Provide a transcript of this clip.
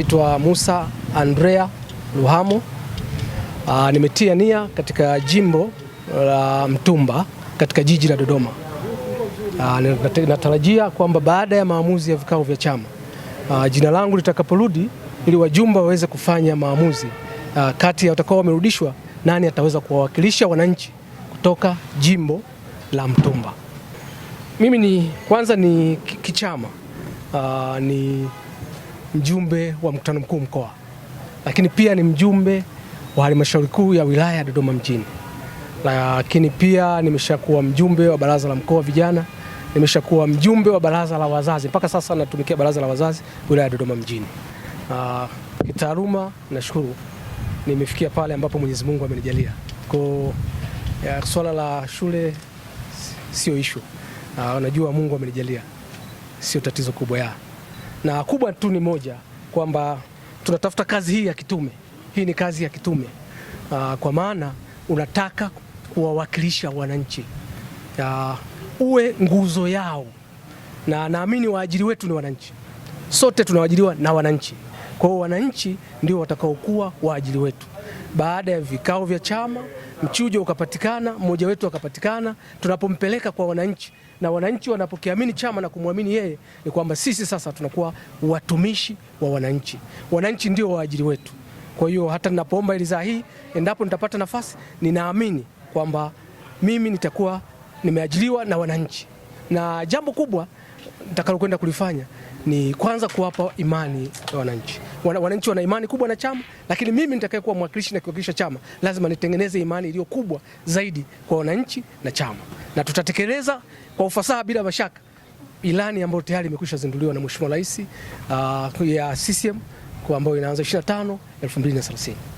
Naitwa Musa Andrea Luhamo. Aa, ah, nimetia nia katika jimbo la Mtumba katika jiji la Dodoma. Aa, ah, natarajia kwamba baada ya maamuzi ya vikao vya chama aa, ah, jina langu litakaporudi ili wajumbe waweze kufanya maamuzi aa, kati ya watakao wamerudishwa, nani ataweza kuwawakilisha wananchi kutoka jimbo la Mtumba. Mimi ni kwanza ni kichama aa, ni mjumbe wa mkutano mkuu mkoa, lakini pia ni mjumbe wa halmashauri kuu ya wilaya ya Dodoma mjini, lakini pia nimeshakuwa mjumbe wa baraza la mkoa vijana, nimeshakuwa mjumbe wa baraza la wazazi, mpaka sasa natumikia baraza la wazazi wilaya ya Dodoma mjini. Ah, kitaaluma nashukuru nimefikia pale ambapo Mwenyezi Mungu amenijalia. Kwa swala la shule sio ishu, ah, unajua Mungu amenijalia, sio tatizo kubwa ya na kubwa tu ni moja kwamba tunatafuta kazi hii ya kitume. Hii ni kazi ya kitume aa, ah, kwa maana unataka kuwawakilisha wananchi, aa, uwe nguzo yao, na naamini waajiri wetu ni wananchi, sote tunawajiriwa na wananchi. Kwa hiyo wananchi ndio watakaokuwa waajiri wetu. Baada ya vikao vya chama, mchujo ukapatikana, mmoja wetu akapatikana. Tunapompeleka kwa wananchi na wananchi wanapokiamini chama na kumwamini yeye, ni kwamba sisi sasa tunakuwa watumishi wa wananchi. Wananchi ndio waajiri wetu. Kwa hiyo hata ninapoomba ridhaa hii, endapo nitapata nafasi, ninaamini kwamba mimi nitakuwa nimeajiriwa na wananchi, na jambo kubwa nitakalokwenda kulifanya ni kwanza kuwapa imani ya wananchi. Wananchi wana imani kubwa na chama, lakini mimi nitakayekuwa mwakilishi na kuwakilisha chama lazima nitengeneze imani iliyo kubwa zaidi kwa wananchi na chama, na tutatekeleza kwa ufasaha bila mashaka ilani ambayo tayari imekwisha zinduliwa na Mheshimiwa Rais uh, ya CCM kwa ambayo inaanza 25 2030.